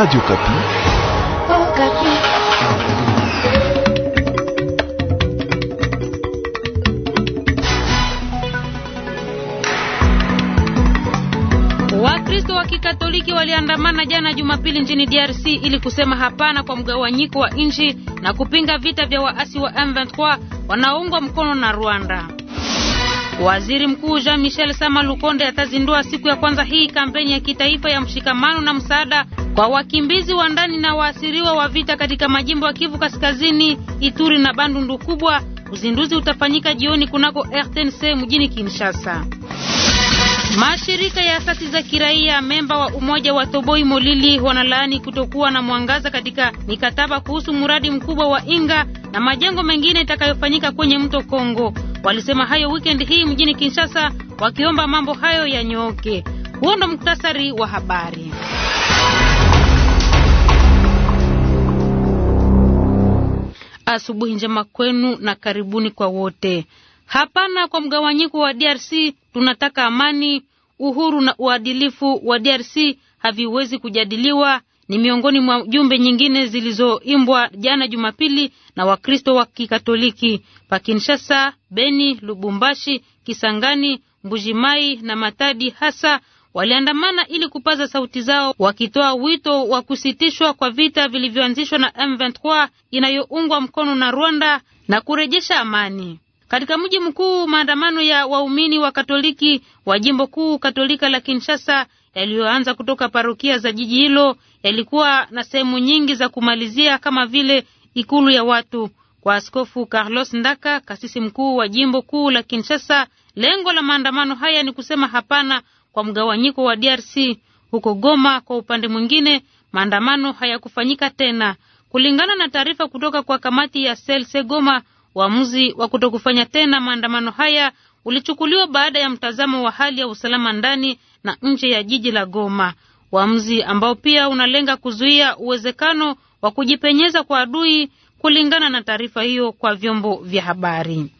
Radio Kapi. Oh, Kapi. Wakristo wa Kikatoliki waliandamana jana Jumapili nchini DRC ili kusema hapana kwa mgawanyiko wa nchi na kupinga vita vya waasi wa M23 wanaoungwa mkono na Rwanda. Waziri Mkuu Jean Michel Sama Lukonde atazindua siku ya kwanza hii kampeni ya kitaifa ya mshikamano na msaada kwa wakimbizi wa ndani na waasiriwa wa vita katika majimbo ya Kivu Kaskazini, Ituri na Bandundu kubwa, uzinduzi utafanyika jioni kunako RTNC mjini Kinshasa. Mashirika ya asasi za kiraia memba wa umoja wa Toboi Molili wanalaani kutokuwa na mwangaza katika mikataba kuhusu mradi mkubwa wa Inga na majengo mengine itakayofanyika kwenye mto Kongo. Walisema hayo weekend hii mjini Kinshasa wakiomba mambo hayo yanyooke. Huo ndo muktasari wa habari. Asubuhi njema kwenu na karibuni kwa wote. Hapana kwa mgawanyiko wa DRC. Tunataka amani, uhuru na uadilifu wa DRC haviwezi kujadiliwa, ni miongoni mwa jumbe nyingine zilizoimbwa jana Jumapili na Wakristo wa Kikatoliki pa Kinshasa, Beni, Lubumbashi, Kisangani, Mbujimai na Matadi hasa waliandamana ili kupaza sauti zao, wakitoa wito wa kusitishwa kwa vita vilivyoanzishwa na M23 inayoungwa mkono na Rwanda na kurejesha amani. Katika mji mkuu, maandamano ya waumini wa Katoliki wa jimbo kuu Katolika la Kinshasa yaliyoanza kutoka parokia za jiji hilo yalikuwa na sehemu nyingi za kumalizia kama vile ikulu ya watu. Kwa Askofu Carlos Ndaka, kasisi mkuu wa jimbo kuu la Kinshasa, lengo la maandamano haya ni kusema hapana kwa mgawanyiko wa DRC. Huko Goma, kwa upande mwingine, maandamano hayakufanyika tena. Kulingana na taarifa kutoka kwa kamati ya Selse Goma, uamuzi wa kutokufanya tena maandamano haya ulichukuliwa baada ya mtazamo wa hali ya usalama ndani na nje ya jiji la Goma, uamuzi ambao pia unalenga kuzuia uwezekano wa kujipenyeza kwa adui, kulingana na taarifa hiyo kwa vyombo vya habari.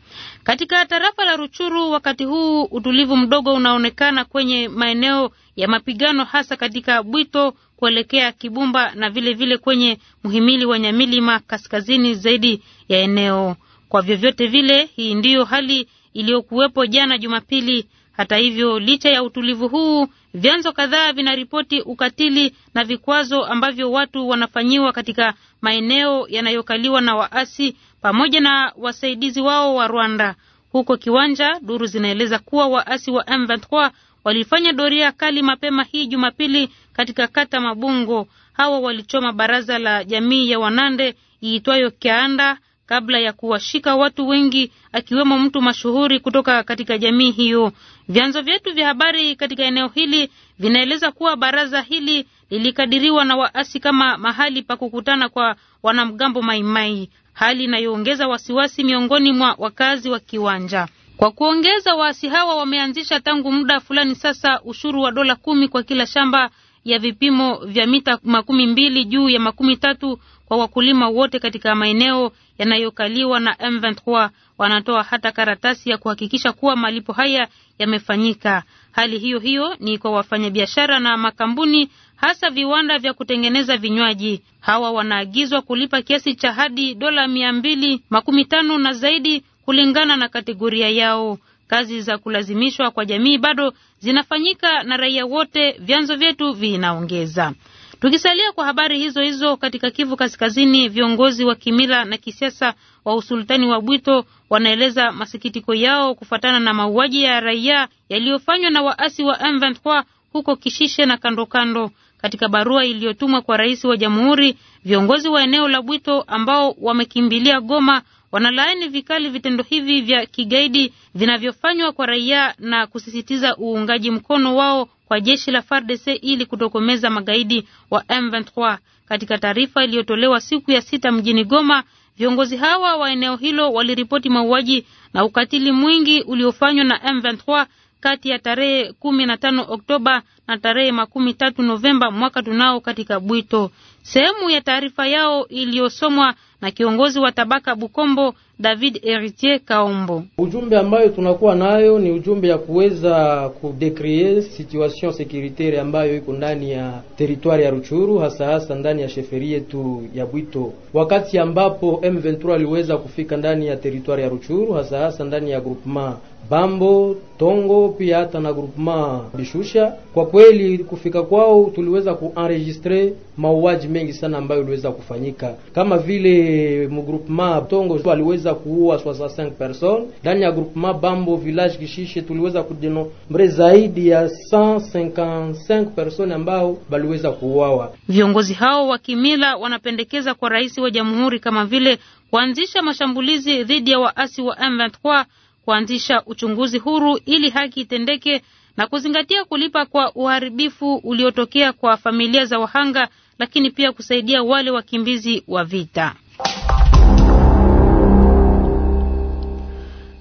Katika tarafa la Ruchuru wakati huu utulivu mdogo unaonekana kwenye maeneo ya mapigano hasa katika Bwito kuelekea Kibumba na vile vile kwenye mhimili wa Nyamilima kaskazini zaidi ya eneo. Kwa vyovyote vile, hii ndiyo hali iliyokuwepo jana Jumapili. Hata hivyo, licha ya utulivu huu, vyanzo kadhaa vinaripoti ukatili na vikwazo ambavyo watu wanafanyiwa katika maeneo yanayokaliwa na waasi pamoja na wasaidizi wao wa Rwanda. Huko Kiwanja, duru zinaeleza kuwa waasi wa M23 walifanya doria kali mapema hii Jumapili katika kata Mabungo. Hawa walichoma baraza la jamii ya Wanande iitwayo Kianda kabla ya kuwashika watu wengi akiwemo mtu mashuhuri kutoka katika jamii hiyo. Vyanzo vyetu vya habari katika eneo hili vinaeleza kuwa baraza hili lilikadiriwa na waasi kama mahali pa kukutana kwa wanamgambo Maimai, hali inayoongeza wasiwasi miongoni mwa wakazi wa kiwanja. Kwa kuongeza, waasi hawa wameanzisha tangu muda fulani sasa ushuru wa dola kumi kwa kila shamba ya vipimo vya mita makumi mbili juu ya makumi tatu kwa wakulima wote katika maeneo yanayokaliwa na M23 wanatoa hata karatasi ya kuhakikisha kuwa malipo haya yamefanyika. Hali hiyo hiyo ni kwa wafanyabiashara na makampuni, hasa viwanda vya kutengeneza vinywaji. Hawa wanaagizwa kulipa kiasi cha hadi dola mia mbili makumi tano na zaidi kulingana na kategoria yao. Kazi za kulazimishwa kwa jamii bado zinafanyika na raia wote, vyanzo vyetu vinaongeza. Tukisalia kwa habari hizo hizo katika Kivu Kaskazini, viongozi wa kimila na kisiasa wa usultani wa Bwito wanaeleza masikitiko yao kufuatana na mauaji ya raia yaliyofanywa na waasi wa M23 huko Kishishe na kando kando. Katika barua iliyotumwa kwa rais wa jamhuri, viongozi wa eneo la Bwito ambao wamekimbilia Goma wanalaani vikali vitendo hivi vya kigaidi vinavyofanywa kwa raia na kusisitiza uungaji mkono wao kwa jeshi la FARDC ili kutokomeza magaidi wa M23. Katika taarifa iliyotolewa siku ya sita mjini Goma, viongozi hawa wa eneo hilo waliripoti mauaji na ukatili mwingi uliofanywa na M23 kati ya tarehe 15 Oktoba na tarehe makumi tatu Novemba mwaka tunao katika Bwito. Sehemu ya taarifa yao iliyosomwa na kiongozi wa tabaka Bukombo David Heritier Kaombo. Ujumbe ambayo tunakuwa nayo ni ujumbe ya kuweza kudecrie situation securitaire ambayo iko ndani ya teritwari ya Ruchuru, hasa hasa ndani ya sheferi yetu ya Bwito, wakati ambapo M23 aliweza kufika ndani ya teritwari ya Ruchuru, hasa hasa ndani ya groupement Bambo Tongo, pia hata na groupement Bishusha kwa kweli kufika kwao tuliweza kuenregistre mauaji mengi sana ambayo iliweza kufanyika, kama vile mgroupement Tongo aliweza kuua 65 personnes ndani ya groupement Bambo village Kishishe, tuliweza kudenombre zaidi ya 155 personnes ambao baliweza kuuawa. Viongozi hao wa kimila wanapendekeza kwa rais wa jamhuri kama vile kuanzisha mashambulizi dhidi ya waasi wa M23, kuanzisha uchunguzi huru ili haki itendeke na kuzingatia kulipa kwa uharibifu uliotokea kwa familia za wahanga, lakini pia kusaidia wale wakimbizi wa vita.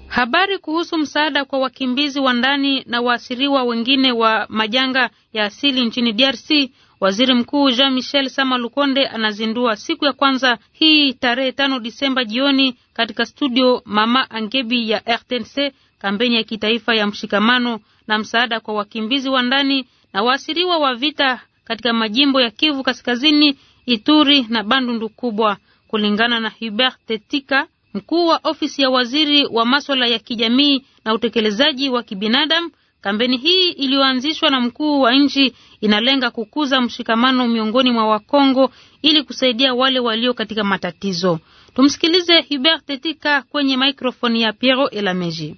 Habari kuhusu msaada kwa wakimbizi wa ndani na waasiriwa wengine wa majanga ya asili nchini DRC, Waziri Mkuu Jean Michel Sama Lukonde anazindua siku ya kwanza hii tarehe tano Disemba jioni katika studio Mama Angebi ya RTNC kampeni ya kitaifa ya mshikamano na msaada kwa wakimbizi wa ndani na waasiriwa wa vita katika majimbo ya Kivu Kaskazini, Ituri na Bandundu kubwa, kulingana na Hubert Tetika, mkuu wa ofisi ya waziri wa maswala ya kijamii na utekelezaji wa kibinadamu. Kampeni hii iliyoanzishwa na mkuu wa nchi inalenga kukuza mshikamano miongoni mwa Wakongo ili kusaidia wale walio katika matatizo. Tumsikilize Hubert Tetika kwenye maikrofoni ya Piero Elameji.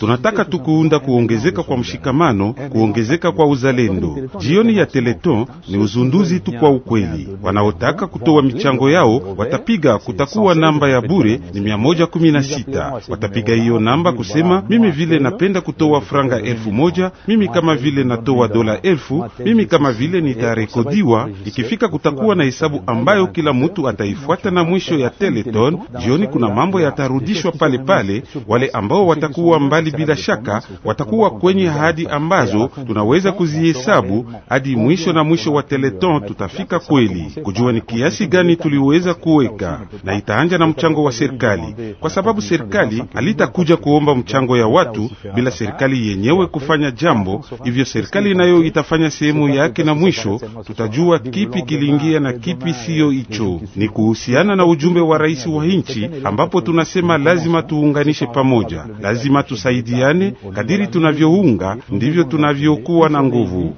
Tunataka tu kuunda kuongezeka kwa mshikamano, kuongezeka kwa uzalendo. Jioni ya Teleton ni uzunduzi tu kwa ukweli. Wanaotaka kutoa michango yao watapiga, kutakuwa namba ya bure ni 116. Watapiga hiyo namba kusema, mimi vile napenda kutoa franga elfu moja, mimi kama vile natoa dola elfu, mimi kama vile nitarekodiwa. Ikifika kutakuwa na hesabu ambayo kila mtu ataifuata na mwisho ya tele mbili Jioni kuna mambo yatarudishwa pale pale. Wale ambao watakuwa mbali, bila shaka watakuwa kwenye hadi ambazo tunaweza kuzihesabu hadi mwisho na mwisho wa teleton tutafika kweli kujua ni kiasi gani tuliweza kuweka, na itaanja na mchango wa serikali, kwa sababu serikali alitakuja kuomba mchango ya watu bila serikali yenyewe kufanya jambo hivyo. Serikali nayo itafanya sehemu yake, na mwisho tutajua kipi kiliingia na kipi siyo. Hicho ni kuhusiana na ujumbe wa rais wa nchi, ambapo tunasema lazima tuunganishe pamoja, lazima tusaidiane. Kadiri tunavyounga ndivyo tunavyokuwa na nguvu.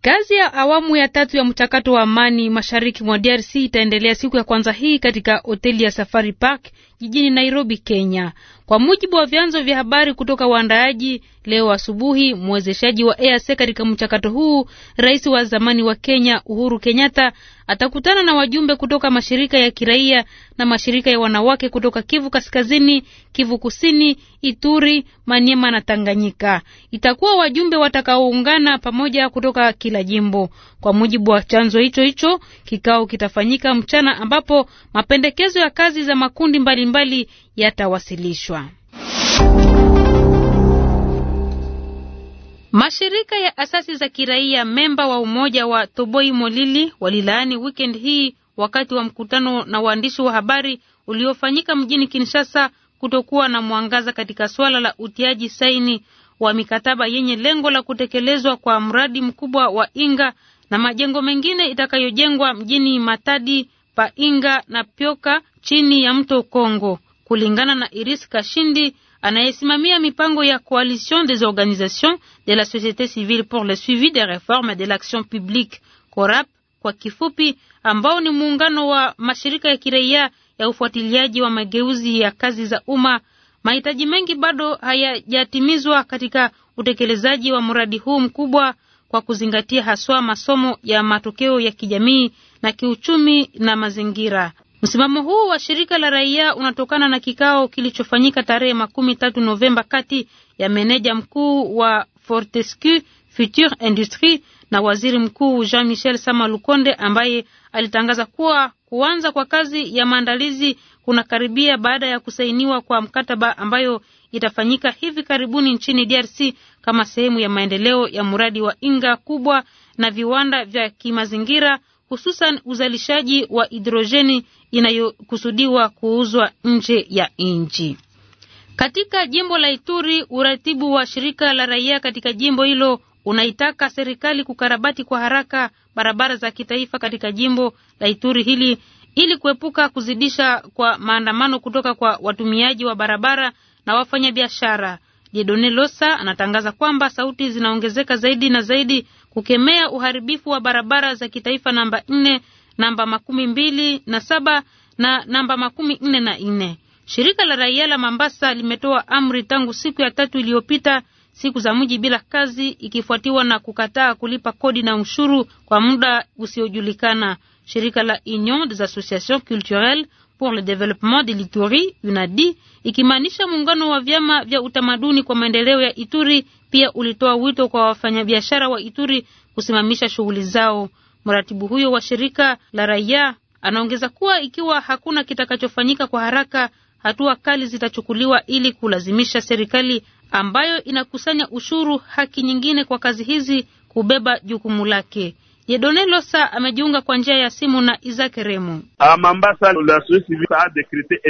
Kazi ya awamu ya tatu ya mchakato wa amani mashariki mwa DRC itaendelea siku ya kwanza hii katika hoteli ya Safari Park jijini Nairobi, Kenya. Kwa mujibu wa vyanzo vya habari kutoka waandaaji, leo asubuhi mwezeshaji wa EAC e katika mchakato huu, rais wa zamani wa Kenya Uhuru Kenyatta atakutana na wajumbe kutoka mashirika ya kiraia na mashirika ya wanawake kutoka Kivu Kaskazini, Kivu Kusini, Ituri, Maniema na Tanganyika. Itakuwa wajumbe watakaoungana pamoja kutoka kila jimbo. Kwa mujibu wa chanzo hicho hicho, kikao kitafanyika mchana ambapo mapendekezo ya kazi za makundi mbalimbali yatawasilishwa. Mashirika ya asasi za kiraia memba wa umoja wa Toboi Molili walilaani weekend hii wakati wa mkutano na waandishi wa habari uliofanyika mjini Kinshasa kutokuwa na mwangaza katika suala la utiaji saini wa mikataba yenye lengo la kutekelezwa kwa mradi mkubwa wa Inga na majengo mengine itakayojengwa mjini Matadi, Painga na Pyoka chini ya mto Kongo kulingana na Iris Kashindi anayesimamia mipango ya Coalition des organisations de la société civile pour le suivi des réformes de l'action publique CORAP kwa kifupi, ambao ni muungano wa mashirika ya kiraia ya ufuatiliaji wa mageuzi ya kazi za umma. Mahitaji mengi bado hayajatimizwa katika utekelezaji wa mradi huu mkubwa, kwa kuzingatia haswa masomo ya matokeo ya kijamii na kiuchumi na mazingira. Msimamo huu wa shirika la raia unatokana na kikao kilichofanyika tarehe makumi tatu Novemba kati ya meneja mkuu wa Fortescue Future Industrie na waziri mkuu Jean Michel Sama Lukonde ambaye alitangaza kuwa kuanza kwa kazi ya maandalizi kunakaribia baada ya kusainiwa kwa mkataba ambayo itafanyika hivi karibuni nchini DRC kama sehemu ya maendeleo ya mradi wa Inga kubwa na viwanda vya kimazingira hususan uzalishaji wa hidrojeni inayokusudiwa kuuzwa nje ya nchi. Katika jimbo la Ituri, uratibu wa shirika la raia katika jimbo hilo unaitaka serikali kukarabati kwa haraka barabara za kitaifa katika jimbo la Ituri hili ili kuepuka kuzidisha kwa maandamano kutoka kwa watumiaji wa barabara na wafanyabiashara. Jedone Losa anatangaza kwamba sauti zinaongezeka zaidi na zaidi kukemea uharibifu wa barabara za kitaifa namba nne, namba makumi mbili na saba na namba makumi nne na nne. Shirika la raia la Mambasa limetoa amri tangu siku ya tatu iliyopita, siku za mji bila kazi, ikifuatiwa na kukataa kulipa kodi na ushuru kwa muda usiojulikana. Shirika la Union des Associations Culturelles pour le Développement de l'Ituri UNADI ikimaanisha muungano wa vyama vya utamaduni kwa maendeleo ya Ituri pia ulitoa wito kwa wafanyabiashara wa Ituri kusimamisha shughuli zao. Mratibu huyo wa shirika la raia anaongeza kuwa ikiwa hakuna kitakachofanyika kwa haraka, hatua kali zitachukuliwa ili kulazimisha serikali ambayo inakusanya ushuru haki nyingine kwa kazi hizi kubeba jukumu lake. Jedone Losa amejiunga kwa njia ya simu na Isaac Remo. Ah,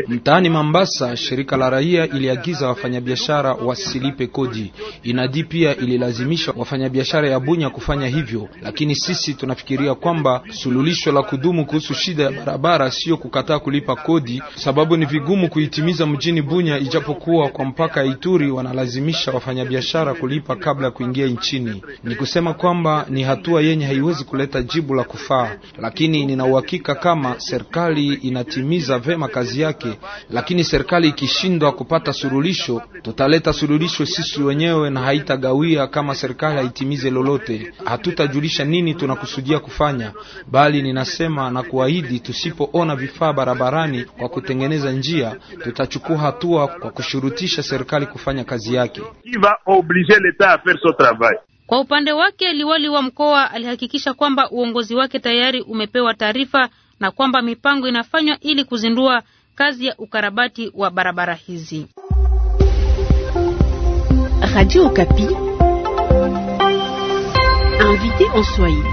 Mtaani Mambasa, shirika la raia iliagiza wafanyabiashara wasilipe kodi. Inadi pia ililazimisha wafanyabiashara ya Bunya kufanya hivyo, lakini sisi tunafikiria kwamba sululisho la kudumu kuhusu shida ya barabara sio kukataa kulipa kodi, sababu ni vigumu kuitimiza mjini Bunya, ijapokuwa kwa mpaka ya Ituri wanalazimisha wafanyabiashara kulipa kabla ya kuingia nchini. Ni kusema kwamba ni hatua yenye haiwezi kuleta jibu la kufaa, lakini nina uhakika kama serikali inatimiza vema kazi yake. Lakini serikali ikishindwa kupata suluhisho, tutaleta suluhisho sisi wenyewe na haitagawia. Kama serikali haitimize lolote, hatutajulisha nini tunakusudia kufanya, bali ninasema na kuahidi, tusipoona vifaa barabarani kwa kutengeneza njia, tutachukua hatua kwa kushurutisha serikali kufanya kazi yake. Kwa upande wake, liwali wa mkoa alihakikisha kwamba uongozi wake tayari umepewa taarifa na kwamba mipango inafanywa ili kuzindua kazi ya ukarabati wa barabara hizi. Radio Okapi. Invité en Swahili.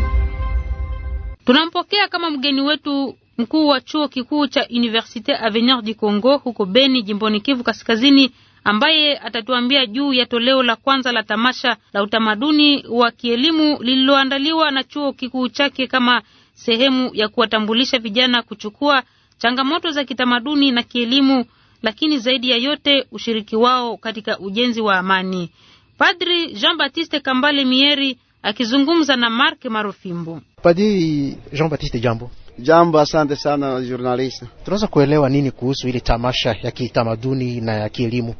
Tunampokea kama mgeni wetu mkuu wa chuo kikuu cha Université Avenir du Congo huko Beni, jimboni Kivu Kaskazini, ambaye atatuambia juu ya toleo la kwanza la tamasha la utamaduni wa kielimu lililoandaliwa na chuo kikuu chake kama sehemu ya kuwatambulisha vijana kuchukua changamoto za kitamaduni na kielimu, lakini zaidi ya yote ushiriki wao katika ujenzi wa amani. Padri Jean-Baptiste Kambale Mieri akizungumza na Mark Marofimbo. Padri Jean-Baptiste, jambo. Jambo, asante sana journalist. Tunaweza kuelewa nini kuhusu ile tamasha ya kitamaduni na ya kielimu?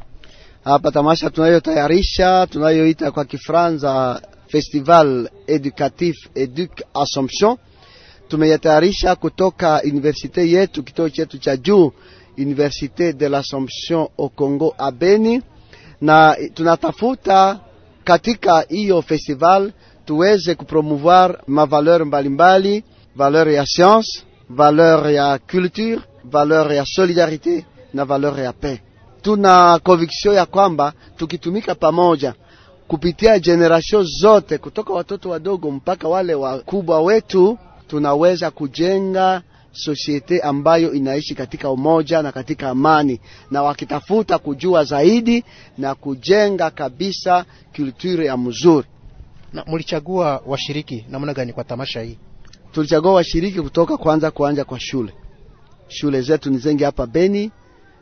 hapa tamasha tunayotayarisha tunayoita kwa kifranza Festival Educatif Educ Assomption tumeyatayarisha kutoka universite yetu, kituo chetu cha juu, Universite de l'Assomption au Congo Abeni, na tunatafuta katika hiyo festival tuweze kupromouvoir mavaleur mbalimbali, valeur ya science, valeur ya culture, valeur ya solidarite na valeur ya paix tuna conviction ya kwamba tukitumika pamoja kupitia generation zote kutoka watoto wadogo mpaka wale wakubwa wetu, tunaweza kujenga sosiete ambayo inaishi katika umoja na katika amani, na wakitafuta kujua zaidi na kujenga kabisa kulture ya mzuri. Na mlichagua washiriki namna gani kwa tamasha hii? Tulichagua washiriki kutoka kwanza, kuanja kwa shule. Shule zetu ni zengi hapa Beni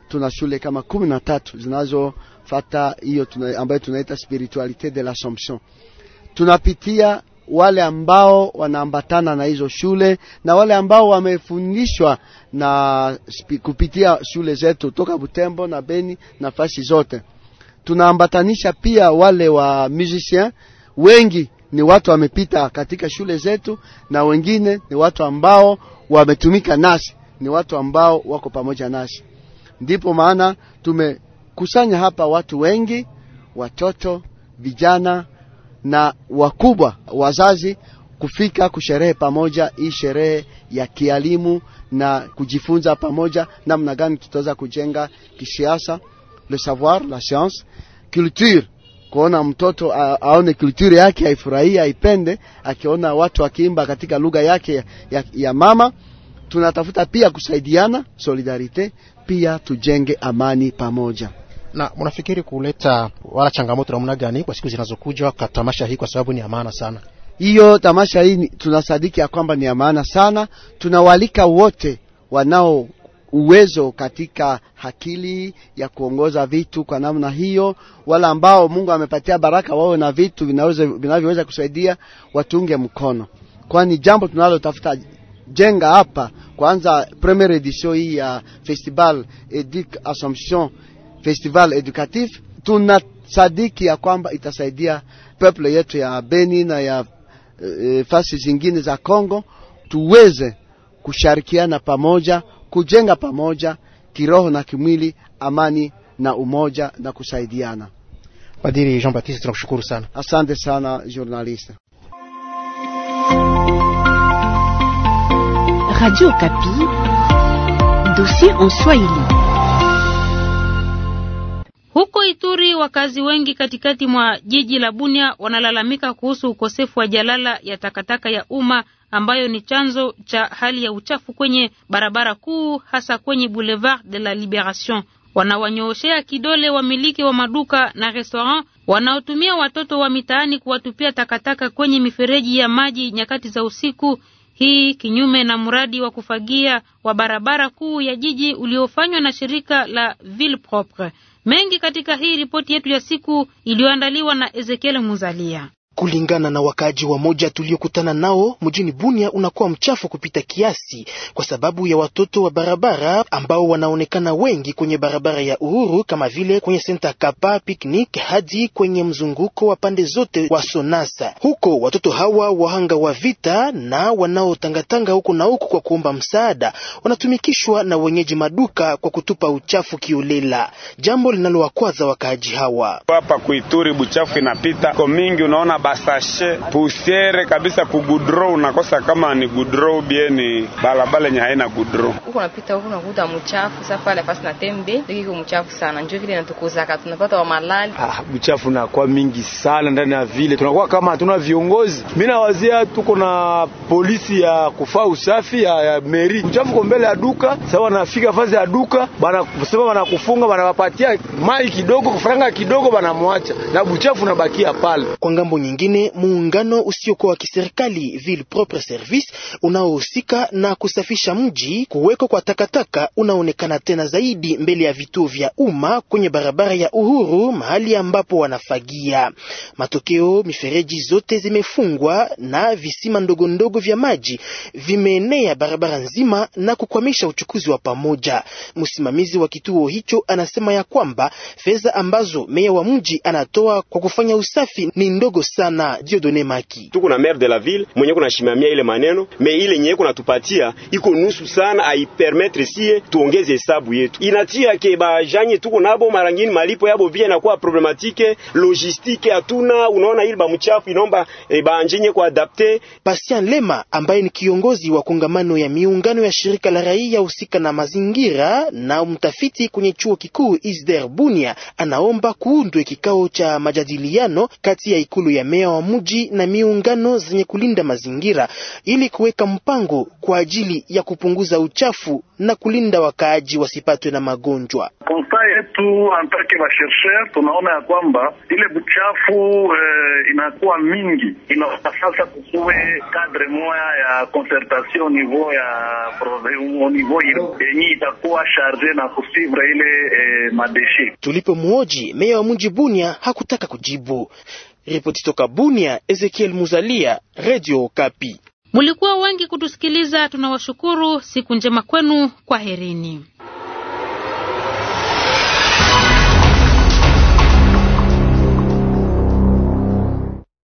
tuna shule kama kumi na tatu zinazofata hiyo tuna, ambayo tunaita spiritualite de l'assomption. Tunapitia wale ambao wanaambatana na hizo shule na wale ambao wamefundishwa na kupitia shule zetu toka Butembo na Beni nafasi zote. Tunaambatanisha pia wale wa musicien wengi ni watu wamepita katika shule zetu na wengine ni watu ambao wametumika nasi, ni watu ambao wako pamoja nasi. Ndipo maana tumekusanya hapa watu wengi, watoto, vijana na wakubwa, wazazi kufika kusherehe pamoja, hii sherehe ya kialimu na kujifunza pamoja namna gani tutaweza kujenga kisiasa, le savoir la science, culture kuona mtoto aone kulture yake, aifurahie, aipende, akiona watu akiimba katika lugha yake ya, ya mama tunatafuta pia kusaidiana solidarite, pia tujenge amani pamoja. Na mnafikiri kuleta wala changamoto namna gani kwa siku zinazokuja kwa tamasha hii, kwa sababu ni amana sana hiyo tamasha hii? Tunasadiki ya kwamba ni ya maana sana, tunawalika wote wanao uwezo katika akili ya kuongoza vitu kwa namna hiyo, wala ambao Mungu amepatia baraka wao na vitu vinavyoweza kusaidia, watunge mkono, kwani jambo tunalotafuta jenga hapa kwanza premiere edition hii ya Festival Edic Assumption Festival Educatif. Tuna sadiki ya kwamba itasaidia peuple yetu ya Beni na ya e, fasi zingine za congo tuweze kushirikiana pamoja kujenga pamoja kiroho na kimwili amani na umoja na kusaidiana. Padiri Jean Baptiste, tunakushukuru sana. Asante sana journaliste. Radio Kapi, dossier en Swahili. Huko Ituri wakazi wengi katikati mwa jiji la Bunia wanalalamika kuhusu ukosefu wa jalala ya takataka ya umma ambayo ni chanzo cha hali ya uchafu kwenye barabara kuu hasa kwenye Boulevard de la Liberation. Wanawanyooshea kidole wamiliki wa maduka na restaurant wanaotumia watoto wa mitaani kuwatupia takataka kwenye mifereji ya maji nyakati za usiku hii kinyume na mradi wa kufagia wa barabara kuu ya jiji uliofanywa na shirika la Ville Propre. Mengi katika hii ripoti yetu ya siku iliyoandaliwa na Ezekiel Muzalia. Kulingana na wakaaji wa moja tuliokutana nao mjini Bunia, unakuwa mchafu kupita kiasi kwa sababu ya watoto wa barabara ambao wanaonekana wengi kwenye barabara ya Uhuru, kama vile kwenye senta Kapa piknik hadi kwenye mzunguko wa pande zote wa Sonasa. Huko watoto hawa wahanga wa vita na wanaotangatanga huko na huko kwa kuomba msaada wanatumikishwa na wenyeji maduka kwa kutupa uchafu kiolela, jambo linalowakwaza wakaaji hawa hapa kuituri. Buchafu inapita kwa mingi, unaona basashe pusiere kabisa kugudro, unakosa kama ni gudro bieni balabala yenye haina gudro. Huko napita huko nakuta mchafu safa pale pasi na tembe ndiko mchafu sana, njoo kile natukuza ka tunapata wa malali. Ah, mchafu na kwa mingi sana ndani ya vile, tunakuwa kama hatuna viongozi. Mimi nawazia tuko na polisi ya kufaa usafi ya, ya meri. Mchafu kwa mbele ya duka, sawa, wanafika fazi ya duka bana kusema bana wapatia mai kidogo, kufranga kidogo, wanamwacha na buchafu unabakia pale kwa ngambo nyingi nyingine, muungano usiokuwa wa kiserikali Ville Propre Service unaohusika na kusafisha mji. Kuweko kwa takataka unaonekana tena zaidi mbele ya vituo vya umma kwenye barabara ya Uhuru, mahali ambapo wanafagia. Matokeo, mifereji zote zimefungwa na visima ndogo ndogo vya maji vimeenea barabara nzima na kukwamisha uchukuzi wa pamoja. Msimamizi wa kituo hicho anasema ya kwamba fedha ambazo meya wa mji anatoa kwa kufanya usafi ni ndogo sana sana Dieudonne Maki. Tuko na maire de la ville mwenye kunashimamia ile maneno me ile nye kunatupatia iko nusu sana, aipermettre sie tuongeze hesabu yetu inatia ke bajanye tuko nabo, marangini malipo yabo vile inakuwa problematique logistique hatuna. Unaona ile ba mchafu inomba e, eh, baanjenye kwa adapter. Bastian Lema ambaye ni kiongozi wa kongamano ya miungano ya shirika la raia husika na mazingira na mtafiti kwenye chuo kikuu Isder Bunia, anaomba kuundwe kikao cha majadiliano kati ya ikulu ya me meya wa mji na miungano zenye kulinda mazingira ili kuweka mpango kwa ajili ya kupunguza uchafu na kulinda wakaaji wasipatwe na magonjwa. Konsta yetu antake bashersher, tunaona ya kwamba ile buchafu eh, inakuwa mingi, inaona sasa kukuwe kadre moya ya concertation niveau ya niveau yenye itakuwa sharge na kusivra ile eh, madeshi. muoji meya wa mji Bunia hakutaka kujibu. Ripoti toka Bunia, Ezekiel Muzalia, Radio Kapi. Mulikuwa wengi kutusikiliza, tunawashukuru. Siku njema kwenu, kwaherini.